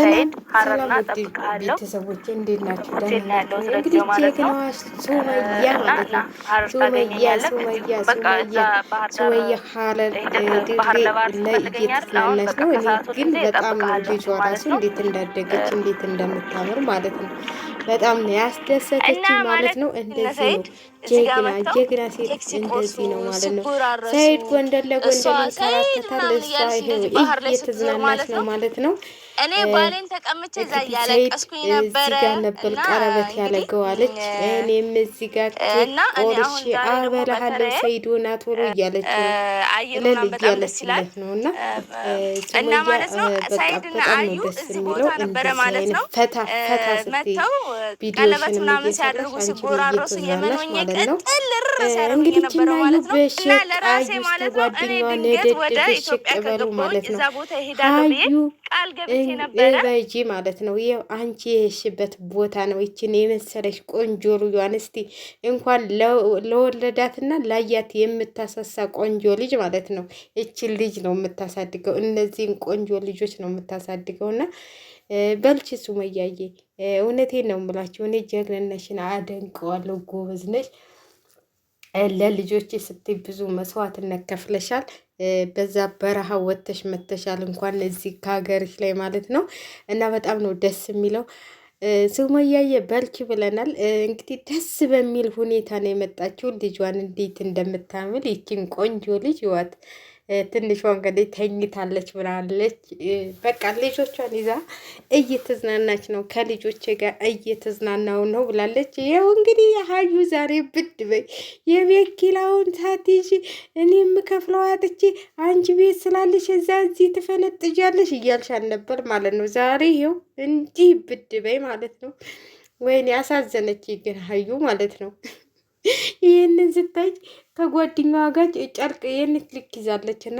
ሰይድ ሀረርና እጠብቅሃለሁ። ቤተሰቦች እንዴት ናቸው? ደህና ናቸው። እንግዲህ ቼክ ነው ሱመያ ማለት ነው። ሱመያ ሱመያ ሱመያ ሱመያ ሀረር ድሬ ላይ ነው። እኔ ግን በጣም ልጇ ራሱ እንዴት እንዳደገች እንዴት እንደምታምር ማለት ነው። በጣም ነው ያስደሰተች ማለት ነው። እንደዚህ ነው ጀግና ጀግና ሴት እንደዚህ ነው ማለት ነው። ሰይድ ጎንደር ለጎንደር ይንከራተታል። እሷ ይሄ እየተዝናናች ነው ማለት ነው። እኔ ባሌን ተቀምቼ እዛ እያለቀስኩኝ ነበረ። እዚህ ነበር ቀረበት ያለገዋለች። እኔም እዚህ ጋር ቆርሼ አበላሃለሁ ሰይዶና ቶሎ እያለች እልል እያለችለት ነው። እና እና ማለት ነው ሰይድና አዩ እዚህ ቦታ ነበረ ማለት ነው። ፈታ ፈታ ስትይ ቀለበት ምናምን ሲያደርጉ ሲጎራረሱ የመኖኝ ቅጥል እንግዲህ ችና አዩ በሸቅ አዩ ስተጓድኛዋ ነደደሽ ሸቅ በሉ ማለት ነው አዩ በጂ ማለት ነው። ይኸው አንቺ የሄድሽበት ቦታ ነው። ይችን የመሰለሽ ቆንጆ ልጇን እስቲ እንኳን ለወለዳትና ላያት የምታሳሳ ቆንጆ ልጅ ማለት ነው። ይችን ልጅ ነው የምታሳድገው። እነዚህን ቆንጆ ልጆች ነው የምታሳድገው እና በልች ሱመያዬ፣ እውነቴን ነው የምላችሁ። እኔ ጀግንነሽን አደንቀዋለሁ። ጎበዝ ነሽ። ለልጆች ስትይ ብዙ መስዋዕትነት ከፍለሻል። በዛ በረሃ ወጥተሽ መተሻል እንኳን እዚህ ከሀገርሽ ላይ ማለት ነው። እና በጣም ነው ደስ የሚለው። ሱመያዬ በርቺ ብለናል። እንግዲህ ደስ በሚል ሁኔታ ነው የመጣችው። ልጇን እንዴት እንደምታምል ይችን ቆንጆ ልጅ ይዋት። ትንሿ እንግዲህ ተኝታለች ብላለች። በቃ ልጆቿን ይዛ እየተዝናናች ነው፣ ከልጆች ጋር እየተዝናናው ነው ብላለች። ይኸው እንግዲህ የሀዩ ዛሬ ብድ በይ የቤኪላውን ሳትይዥ እኔ የምከፍለው አጥቼ አንቺ ቤት ስላለሽ እዛ እዚህ ትፈነጥጃለሽ እያልሻል ነበር ማለት ነው። ዛሬ ይኸው እንዲህ ብድ በይ ማለት ነው። ወይኔ አሳዘነች ግን ሀዩ ማለት ነው። ይህንን ስታይ ከጓደኛዋ ጋር ጨርቅ ይህንን ልክ ይዛለች እና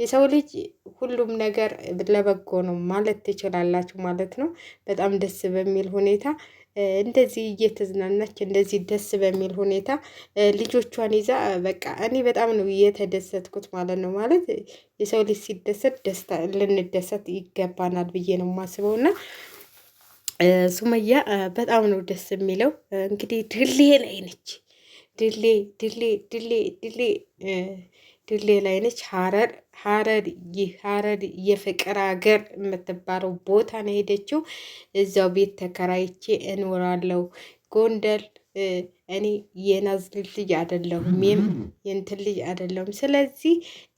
የሰው ልጅ ሁሉም ነገር ለበጎ ነው ማለት ትችላላችሁ ማለት ነው። በጣም ደስ በሚል ሁኔታ እንደዚህ እየተዝናናች እንደዚህ ደስ በሚል ሁኔታ ልጆቿን ይዛ በቃ እኔ በጣም ነው የተደሰትኩት ማለት ነው። ማለት የሰው ልጅ ሲደሰት ደስታ ልንደሰት ይገባናል ብዬ ነው የማስበው እና ሱመያ በጣም ነው ደስ የሚለው። እንግዲህ ድሌ ላይ ነች፣ ድሌ ድሌ ድሌ ድሌ ድሌ ላይ ነች። ሀረር ሀረር ይህ ሀረር የፍቅር ሀገር የምትባለው ቦታ ነው ሄደችው። እዛው ቤት ተከራይቼ እኖራለሁ ጎንደር እኔ የናዝ ልጅ አይደለሁም የእንትን ልጅ አይደለሁም። ስለዚህ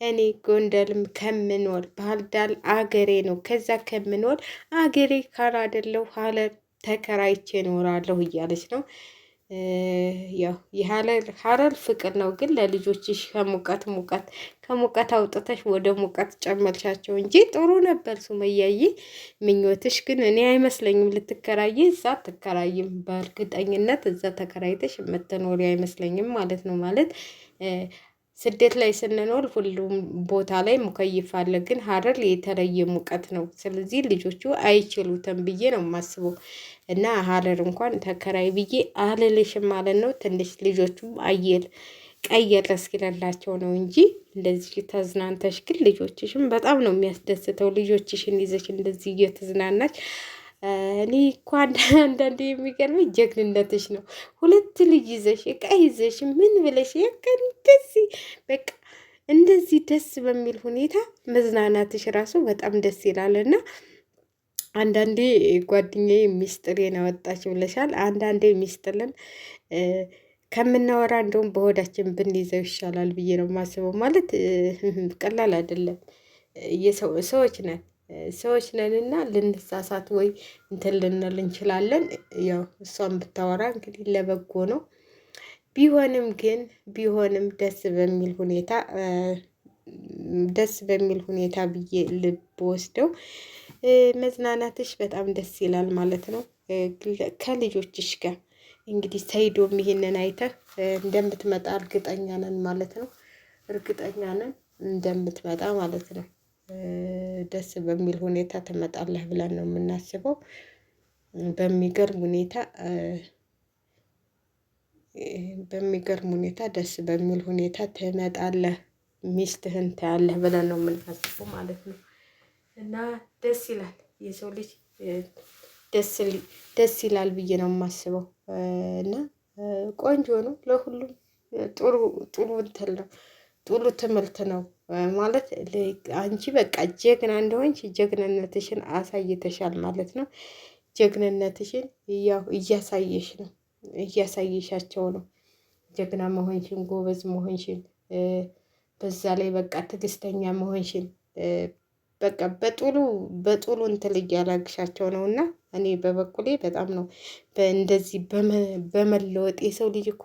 እኔ ጎንደርም ከምኖር ባህርዳር አገሬ ነው። ከዛ ከምኖር አገሬ ካላደለሁ ሀረር ተከራይቼ እኖራለሁ እያለች ነው። ያው ሀረር ፍቅር ነው፣ ግን ለልጆችሽ ከሙቀት ሙቀት ከሙቀት አውጥተሽ ወደ ሙቀት ጨመልሻቸው እንጂ ጥሩ ነበር። ሱመያዬ ምኞትሽ ግን እኔ አይመስለኝም። ልትከራይ እዛ ትከራይም በእርግጠኝነት እዛ ተከራይተሽ የምትኖሪ አይመስለኝም ማለት ነው ማለት ስደት ላይ ስንኖር ሁሉም ቦታ ላይ ሙከይፍ አለ፣ ግን ሀረር የተለየ ሙቀት ነው። ስለዚህ ልጆቹ አይችሉትም ብዬ ነው የማስበው እና ሀረር እንኳን ተከራይ ብዬ አልልሽም ማለት ነው። ትንሽ ልጆቹም አየር ቀየር እስኪለላቸው ነው እንጂ እንደዚህ ተዝናንተሽ ግን ልጆችሽም በጣም ነው የሚያስደስተው። ልጆችሽን ይዘሽ እንደዚህ እየተዝናናች እኔ እኮ አንዳንዴ የሚገርመኝ ጀግንነትሽ ነው። ሁለት ልጅ ይዘሽ እቃ ይዘሽ ምን ብለሽ እንደዚህ በቃ እንደዚህ ደስ በሚል ሁኔታ መዝናናትሽ ራሱ በጣም ደስ ይላል እና አንዳንዴ ጓደኛዬ ሚስጥር አወጣች ብለሻል። አንዳንዴ ሚስጥርን ከምናወራ እንደውም በሆዳችን ብንይዘው ይሻላል ብዬ ነው የማስበው። ማለት ቀላል አይደለም። ሰዎች ነን። ሰዎች ነንና ልንሳሳት ወይ እንትን ልንል እንችላለን። ያው እሷን ብታወራ እንግዲህ ለበጎ ነው። ቢሆንም ግን ቢሆንም ደስ በሚል ሁኔታ ደስ በሚል ሁኔታ ብዬ ልብ ወስደው መዝናናትሽ በጣም ደስ ይላል ማለት ነው። ከልጆችሽ ጋር እንግዲህ ሰይዶም ይሄንን አይተህ እንደምትመጣ እርግጠኛ ነን ማለት ነው። እርግጠኛ ነን እንደምትመጣ ማለት ነው። ደስ በሚል ሁኔታ ትመጣለህ ብለን ነው የምናስበው። በሚገርም ሁኔታ በሚገርም ሁኔታ ደስ በሚል ሁኔታ ትመጣለህ ሚስትህን ታያለህ ብለን ነው የምናስበው ማለት ነው። እና ደስ ይላል የሰው ልጅ ደስ ይላል ብዬ ነው የማስበው። እና ቆንጆ ነው ለሁሉም ጥሩ ጥሩ እንትን ነው ጥሩ ትምህርት ነው ማለት አንቺ በቃ ጀግና እንደሆንሽ ጀግንነትሽን አሳይተሻል ማለት ነው። ጀግንነትሽን እያሳየሽ ነው እያሳየሻቸው ነው ጀግና መሆንሽን ጎበዝ መሆንሽን በዛ ላይ በቃ ትዕግስተኛ መሆንሽን በቃ በጥሉ በጥሉ እንትን እያላግሻቸው ነው። እና እኔ በበኩሌ በጣም ነው እንደዚህ በመለወጥ የሰው ልጅ እኮ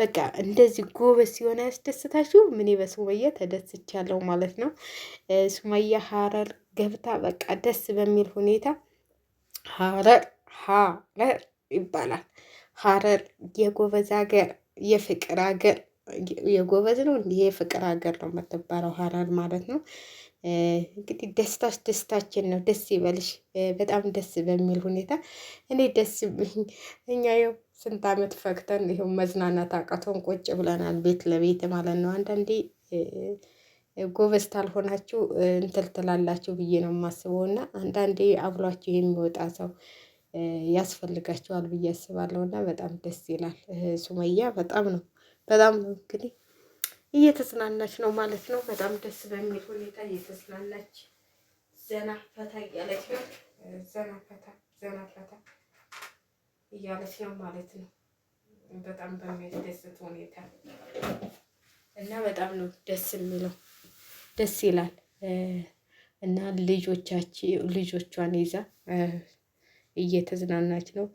በቃ እንደዚህ ጎበዝ ሲሆን ያስደስታችሁ። እኔ በሱመያ ተደስቻለሁ ማለት ነው። ሱመያ ሀረር ገብታ በቃ ደስ በሚል ሁኔታ ሀረር ሀረር ይባላል። ሀረር የጎበዝ ሀገር፣ የፍቅር ሀገር የጎበዝ ነው እንዲህ የፍቅር ሀገር ነው የምትባለው ሀረር ማለት ነው። እንግዲህ ደስታሽ ደስታችን ነው። ደስ ይበልሽ። በጣም ደስ በሚል ሁኔታ እኔ ደስ እኛ ይኸው ስንት ዓመት ፈግተን ይኸው መዝናናት አቃቶን ቁጭ ብለናል፣ ቤት ለቤት ማለት ነው። አንዳንዴ ጎበዝ ታልሆናችሁ እንትን ትላላችሁ ብዬ ነው የማስበው። እና አንዳንዴ አብሏችሁ የሚወጣ ሰው ያስፈልጋችኋል ብዬ አስባለሁ። እና በጣም ደስ ይላል። ሱመያ በጣም ነው በጣም ነው እንግዲህ እየተጽናናች ነው ማለት ነው። በጣም ደስ በሚል ሁኔታ እየተጽናናች ዘና ፈታ እያለች ነው። ዘና ፈታ ዘና ፈታ እያለች ነው ማለት ነው። በጣም በሚያስደስት ሁኔታ እና በጣም ነው ደስ የሚለው። ደስ ይላል እና ልጆቿን ይዛ እየተዝናናች ነው።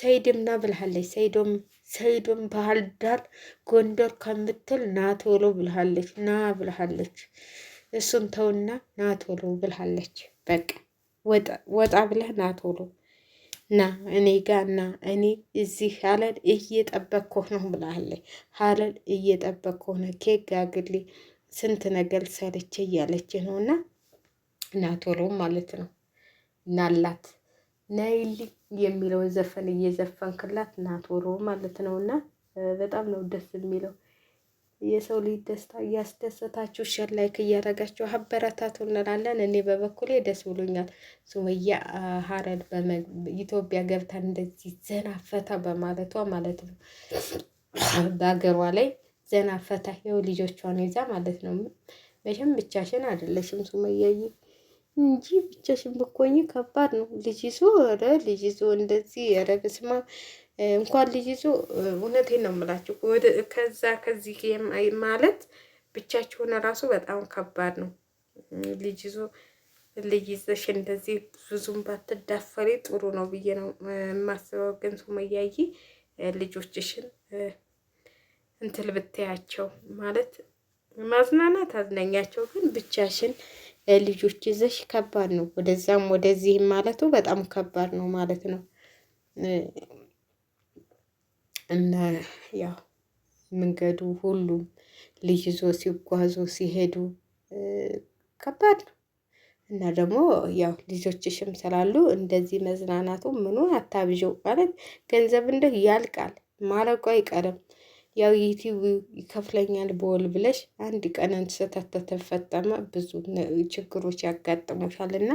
ሰይድም ና ብልሃለች። ሰይዶም ሰይድም ባህል ዳር ጎንደር ከምትል ና ቶሎ ብልሃለች፣ ና ብልሃለች። እሱን ተውና ና ቶሎ ብልሃለች። በቃ ወጣ ብለህ ና ቶሎ ና እኔ ጋ ና እኔ እዚህ ሀለል እየጠበቅኩህ ነው ብላለች። ሀለል እየጠበቅኩህ ነው ኬክ ጋግሌ ስንት ነገር ሰርቼ እያለች ነው እና ናቶሎ ማለት ነው ናላት ናይልኝ የሚለውን ዘፈን እየዘፈንክላት ናቶሮ ማለት ነው። እና በጣም ነው ደስ የሚለው የሰው ልጅ ደስታ እያስደሰታችሁ ሸር ላይክ እያደረጋችሁ አበረታቱ እንላለን። እኔ በበኩሌ ደስ ብሎኛል። ሱመያ ሀረር ኢትዮጵያ ገብታ እንደዚህ ዘና ፈታ በማለቷ ማለት ነው በሀገሯ ላይ ዘና ፈታ የው ልጆቿን ይዛ ማለት ነው። መቼም ብቻሽን አይደለሽም ሱመያዬ እንጂ ብቻሽን ብኮኝ ከባድ ነው። ልጅ ይዞ ኧረ ልጅ ይዞ እንደዚህ ኧረ በስመ አብ እንኳን ልጅ ይዞ እውነቴን ነው የምላችሁ። ከዛ ከዚህ ማለት ብቻችሁን ራሱ በጣም ከባድ ነው። ልጅ ይዞ ልጅ ይዘሽ እንደዚህ ብዙም ባትዳፈሪ ጥሩ ነው ብዬ ነው የማስበው። ግን ሱመያዬ ልጆችሽን እንትል ብታያቸው ማለት ማዝናናት አዝናኛቸው ግን ብቻሽን ልጆች ይዘሽ ከባድ ነው። ወደዛም ወደዚህም ማለቱ በጣም ከባድ ነው ማለት ነው። እና ያው መንገዱ ሁሉም ልጅ ይዞ ሲጓዙ ሲሄዱ ከባድ ነው። እና ደግሞ ያው ልጆችሽም ስላሉ እንደዚህ መዝናናቱ ምኑን አታብዥው ማለት ገንዘብ እንደው ያልቃል ማለቁ አይቀርም። ያው ዩቲዩብ ይከፍለኛል በወል ብለሽ አንድ ቀን ስህተት ከተፈጠመ ብዙ ችግሮች ያጋጥሙሻል እና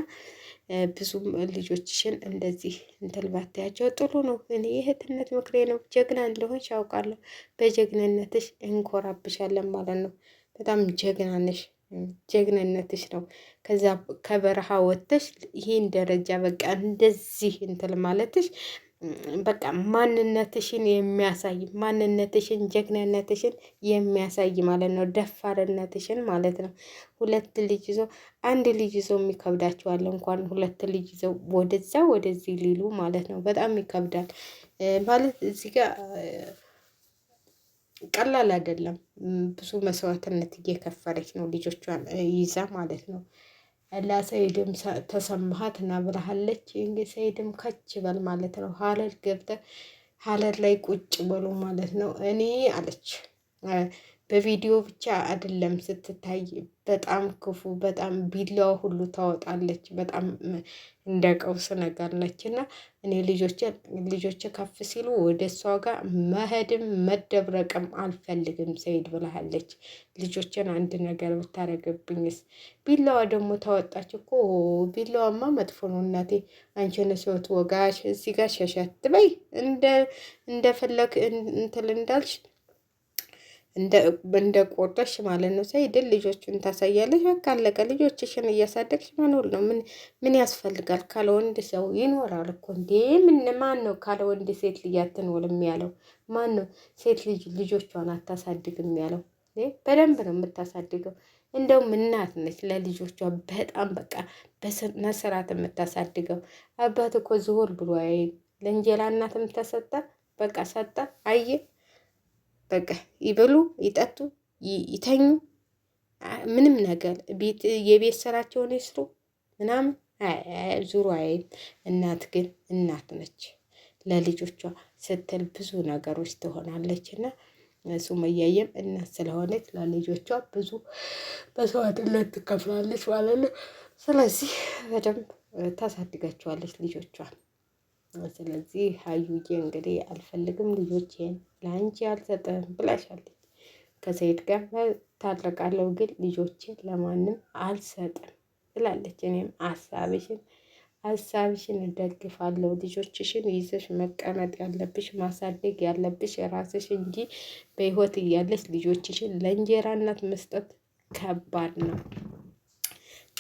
ብዙም ልጆችሽን እንደዚህ እንትን ባታያቸው ጥሩ ነው። እኔ የእህትነት ምክሬ ነው። ጀግና እንደሆንሽ ያውቃለሁ። በጀግንነትሽ እንኮራብሻለን ማለት ነው። በጣም ጀግና ነሽ። ጀግንነትሽ ነው። ከዛ ከበረሃ ወጥተሽ ይህን ደረጃ በቃ እንደዚህ እንትን ማለትሽ በቃ ማንነትሽን የሚያሳይ ማንነትሽን ጀግንነትሽን የሚያሳይ ማለት ነው። ደፋርነትሽን ማለት ነው። ሁለት ልጅ ይዞ አንድ ልጅ ይዞ የሚከብዳቸዋል እንኳን ሁለት ልጅ ይዘው ወደዛ ወደዚህ ሊሉ ማለት ነው። በጣም ይከብዳል ማለት እዚህ ጋር ቀላል አይደለም። ብዙ መስዋዕትነት እየከፈለች ነው ልጆቿን ይዛ ማለት ነው። ለሰይድም ተሰማሃት ነግረሃለች። እንግዲህ ሰይድም ከች በል ማለት ነው። ሀለል ገብተ ሀለል ላይ ቁጭ በሉ ማለት ነው። እኔ አለች በቪዲዮ ብቻ አይደለም ስትታይ በጣም ክፉ በጣም ቢላዋ ሁሉ ታወጣለች። በጣም እንደ ቀውስ ነገር ነች። እና እኔ ልጆቼ ከፍ ሲሉ ወደ እሷ ጋር መሄድም መደብረቅም አልፈልግም። ሰይድ ብላለች ልጆችን አንድ ነገር ብታረገብኝስ? ቢላዋ ደግሞ ታወጣች እኮ ቢላዋማ መጥፎ ነው። እናቴ አንቺን ሰወት ወጋ እዚህ ጋር ሸሸት በይ እንደፈለግ እንትል እንዳልሽ እንደ ቆርጠሽ ማለት ነው። ሳይድል ልጆቹን ታሳያለሽ። በቃ አለቀ። ልጆችሽን እያሳደግሽ መኖር ነው። ምን ምን ያስፈልጋል? ካለ ወንድ ሰው ይኖራል እኮ እንዴ! ምን ማን ነው ካለ ወንድ ሴት ልጅ አትኖርም ያለው? ማን ነው ሴት ልጅ ልጆቿን አታሳድግም ያለው? በደንብ ነው የምታሳድገው። እንደውም እናት ነች ለልጆቿ በጣም በቃ በስርዓት የምታሳድገው። አባት እኮ ዝሆር ብሎ አይ ለእንጀላ እናትም ተሰጠ በቃ ሰጠ አየ በቃ ይብሉ፣ ይጠጡ፣ ይተኙ። ምንም ነገር ቤት የቤት ስራቸውን ይስሩ ምናምን ዙሩ አይም። እናት ግን እናት ነች። ለልጆቿ ስትል ብዙ ነገሮች ትሆናለች እና ሱመያየም እናት ስለሆነች ለልጆቿ ብዙ መስዋዕትነት ትከፍላለች ማለት ነው። ስለዚህ በደንብ ታሳድጋቸዋለች ልጆቿን። ስለዚህ ሀዩዬ እንግዲህ አልፈልግም ልጆቼን ለአንቺ አልሰጠም ብላሻለች። ከሰይድ ጋር ታረቃለሁ፣ ግን ልጆችን ለማንም አልሰጥም ብላለች። እኔም ሀሳብሽን ሀሳብሽን እደግፋለሁ። ልጆችሽን ይዘሽ መቀመጥ ያለብሽ ማሳደግ ያለብሽ ራስሽ እንጂ በህይወት እያለች ልጆችሽን ለእንጀራ እናት መስጠት ከባድ ነው።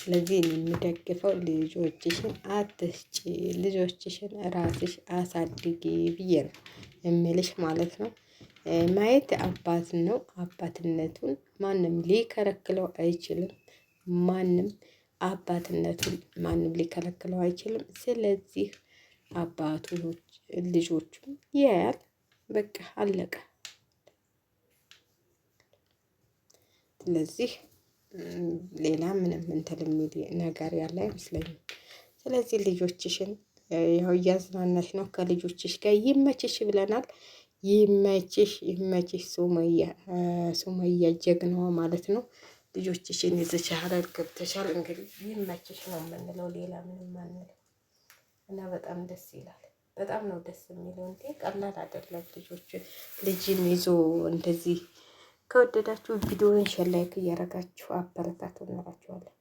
ስለዚህ እኔ የምደግፈው ልጆችሽን አትስጪ፣ ልጆችሽን ራስሽ አሳድጊ ብዬ ነው የምልሽ ማለት ነው። ማየት አባት ነው። አባትነቱን ማንም ሊከለክለው አይችልም። ማንም አባትነቱን ማንም ሊከለክለው አይችልም። ስለዚህ አባቱ ልጆቹን ያያል። በቃ አለቀ። ስለዚህ ሌላ ምንም እንትን ነገር ያለ አይመስለኝም። ስለዚህ ልጆችሽን ያው እያዝናናሽ ነው ከልጆችሽ ጋር ይመችሽ ብለናል። ይመችሽ ይመችሽ ሱመያ ሱመያ ጀግናዋ ማለት ነው። ልጆችሽን ይዘሽ ገብተሻል። እንግዲህ ይመችሽ ነው የምንለው ሌላ ምንም አንልም። እና በጣም ደስ ይላል። በጣም ነው ደስ የሚለው። እንዴ ቀላል አይደለም። ልጆች ልጅን ይዞ እንደዚህ ከወደዳችሁ ቪዲዮውን ሸር ላይክ እያደረጋችሁ አበረታቱ እንላችኋለን።